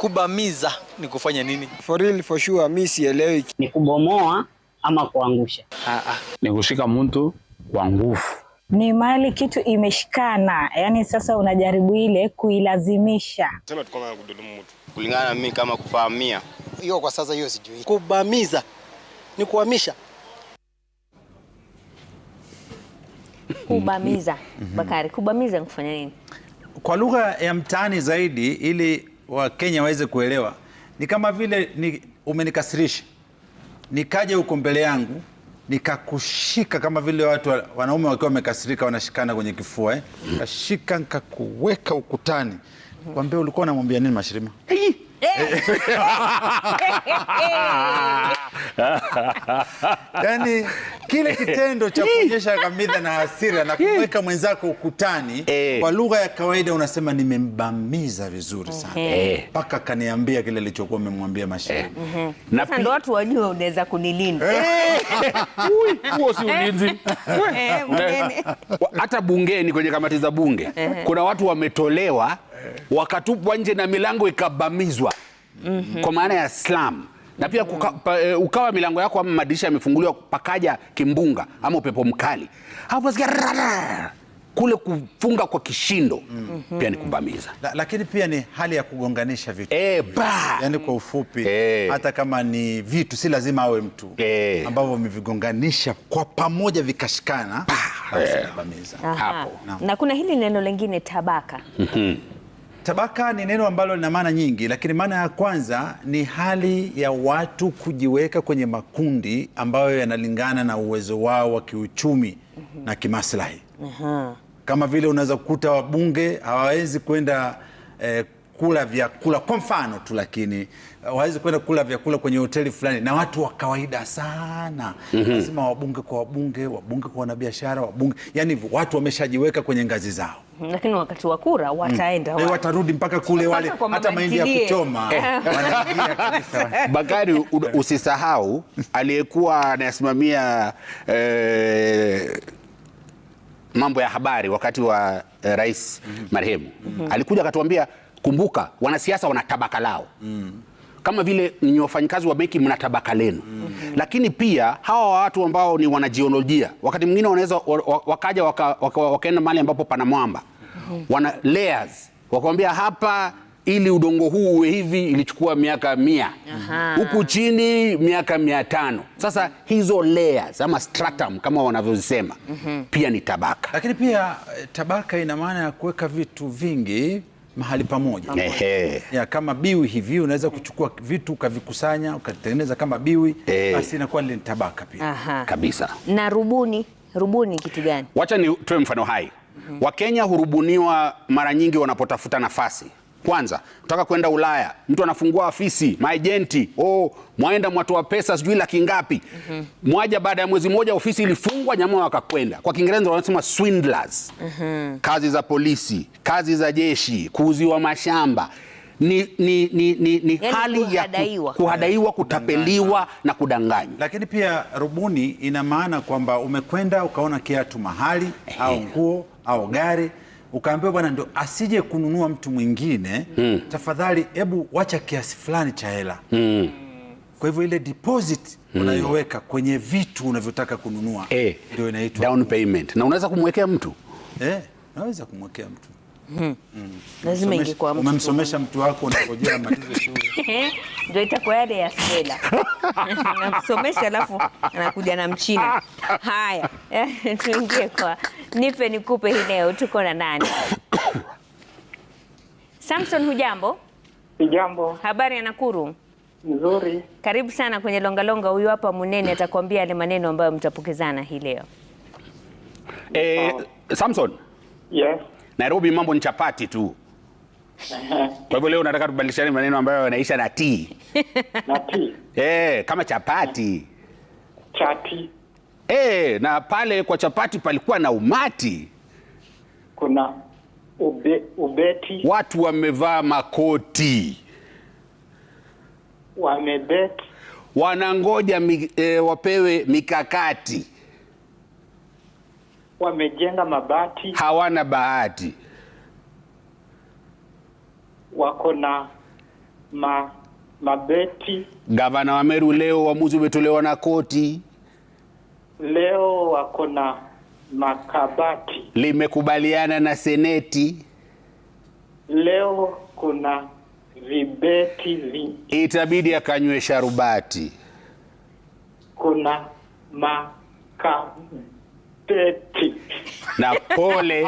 Kubamiza ni kufanya nini? For real, for sure, mimi sielewi. Ni kubomoa ama kuangusha? Ah, ah. Ni kushika mtu kwa nguvu. Ni mali kitu imeshikana, yani sasa unajaribu ile kuilazimisha. Sema tuko kama kudhulumu mtu. Kulingana na mimi kama kufahamia. Hiyo kwa sasa hiyo sijui. Kubamiza ni kuhamisha. Kubamiza. Bakari, kubamiza ni kufanya nini? Kwa lugha ya mtaani zaidi ili Wakenya waweze kuelewa, ni kama vile ni, umenikasirisha nikaja huko mbele yangu nikakushika kama vile watu wanaume wakiwa wamekasirika wanashikana kwenye kifua eh? Kashika nikakuweka ukutani, kwambia ulikuwa unamwambia nini Mashirima? Yani kile kitendo cha kuonyesha kamidha na hasira na kuweka mwenzako ukutani eh. kwa lugha ya kawaida unasema nimembamiza vizuri sana mpaka eh. eh. kaniambia kile alichokuwa amemwambia mashehe. Mhm. Sasa ndio watu wajue unaweza kunilinda. Huo si ulinzi. Hata bungeni kwenye kamati za bunge kuna watu wametolewa wakatupwa nje na milango ikabamizwa mhm. kwa maana ya slam na pia kuka, pa, e, ukawa milango yako ama madirisha yamefunguliwa, pakaja kimbunga ama upepo mkali, hapo kule kufunga kwa kishindo mm. pia ni kubamiza la, lakini pia ni hali ya kugonganisha vitu e, eh, yani kwa ufupi e. hata kama ni vitu si lazima awe mtu e. ambavyo amevigonganisha kwa pamoja vikashikana e. hapo na. na kuna hili neno lingine tabaka mm -hmm. Tabaka ni neno ambalo lina maana nyingi, lakini maana ya kwanza ni hali ya watu kujiweka kwenye makundi ambayo yanalingana na uwezo wao wa kiuchumi mm -hmm. na kimaslahi. -hmm. Kama vile unaweza kukuta wabunge hawawezi kwenda eh, kula vyakula kwa mfano tu, lakini eh, waweze kwenda kula vyakula kwenye hoteli fulani na watu wa kawaida sana. mm -hmm. Lazima wabunge kwa wabunge, wabunge kwa wanabiashara, wabunge, yani watu wameshajiweka kwenye ngazi zao, lakini wakati wa kura mm. wataenda mm. watarudi mpaka kule wale hata mahindi ya kuchoma eh. Bakari, usisahau aliyekuwa anasimamia eh, mambo ya habari wakati wa eh, rais mm -hmm. marehemu mm -hmm. alikuja akatuambia Kumbuka wanasiasa wana tabaka lao mm. kama vile ninyi wafanyikazi wa benki mna tabaka lenu mm. Mm-hmm. Lakini pia hawa watu ambao ni wanajiolojia, wakati mwingine wanaweza wakaja wakaenda waka, waka mahali ambapo pana mwamba mm. wana layers wakwambia hapa ili udongo huu uwe hivi ilichukua miaka mia huku chini miaka mia tano. Sasa hizo layers ama stratum kama wanavyosema mm -hmm. pia ni tabaka, lakini pia eh, tabaka ina maana ya kuweka vitu vingi mahali pamoja ya, kama biwi hivi unaweza kuchukua vitu ukavikusanya ukatengeneza kama biwi, basi inakuwa ni tabaka pia kabisa. Na rubuni, rubuni kitu gani? Wacha ni tuwe mfano hai. mm -hmm. Wakenya hurubuniwa mara nyingi wanapotafuta nafasi kwanza taka kwenda Ulaya, mtu anafungua afisi maejenti, oh, mwaenda mwatoa pesa sijui laki ngapi. mm -hmm. Mwaja baada ya mwezi mmoja ofisi ilifungwa, nyama wakakwenda. Kwa Kiingereza wanasema swindlers. mm -hmm. Kazi za polisi, kazi za jeshi, kuuziwa mashamba ni, ni, ni, ni, ni yani hali kuhadaiwa, ya kuhadaiwa, kutapeliwa kudanganya na kudanganywa. Lakini pia rubuni ina maana kwamba umekwenda ukaona kiatu mahali au nguo au gari ukaambiwa bwana, ndio asije kununua mtu mwingine mm. Tafadhali hebu wacha kiasi fulani cha hela mm. Kwa hivyo ile deposit mm. unayoweka kwenye vitu unavyotaka kununua eh, ndio eh, inaitwa down payment, na unaweza kumwekea mtu eh, unaweza kumwekea mtu Hmm. Mm. Lazima ingekuwa mtu. Umemsomesha mtu wako unangojea malize shule. Ndio itakuwa yale ya Stella. Namsomesha alafu anakuja na mchina. Haya, tuingie kwa nipe nikupe hii leo tuko na nani? Samson, hujambo? Hujambo. Habari ya Nakuru? Nzuri. Karibu sana kwenye longalonga. Huyu hapa Munene atakwambia yale maneno ambayo mtapokezana hii leo. Eh, Samson. Yes. Nairobi mambo ni chapati tu. Kwa hivyo leo nataka tubadilishane maneno ambayo yanaisha na T. Na T. Eh, kama chapati. Chati. Eh, na pale kwa chapati palikuwa na umati. Kuna ube, ubeti. Watu wamevaa makoti. Wamebeti. Wanangoja mi, e, wapewe mikakati wamejenga mabati, hawana bahati, wako na ma, mabeti. Gavana wa Meru leo uamuzi umetolewa na koti, leo wako na makabati, limekubaliana na seneti, leo kuna vibeti vingi, itabidi akanywesha rubati, kuna maka 30. Na pole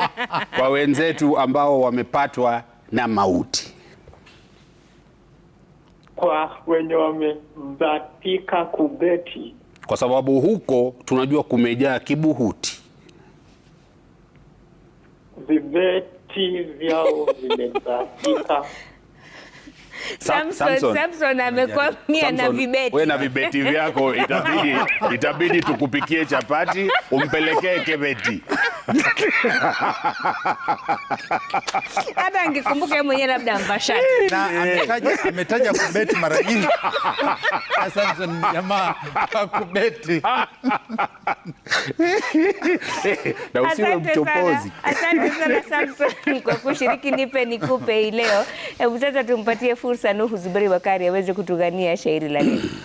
kwa wenzetu ambao wamepatwa na mauti, kwa wenye wamebatika kubeti, kwa sababu huko tunajua kumejaa kibuhuti, vibeti vyao vimebatika Samson, Samson amekwamia na vibeti. Wewe na vibeti vyako itabidi, itabidi tukupikie chapati umpelekee kebeti. Hata angekumbuka yeye mwenyewe labda ambashati. Na ametaja ametaja kubeti mara nyingi. Samson jamaa akubeti. Na usiwe mchopozi. Asante sana Samson kwa kushiriki Nipe Nikupe hii leo. Hebu sasa tumpatie fursa Nuhu Zuberi Bakari aweze kutugania shairi la leo.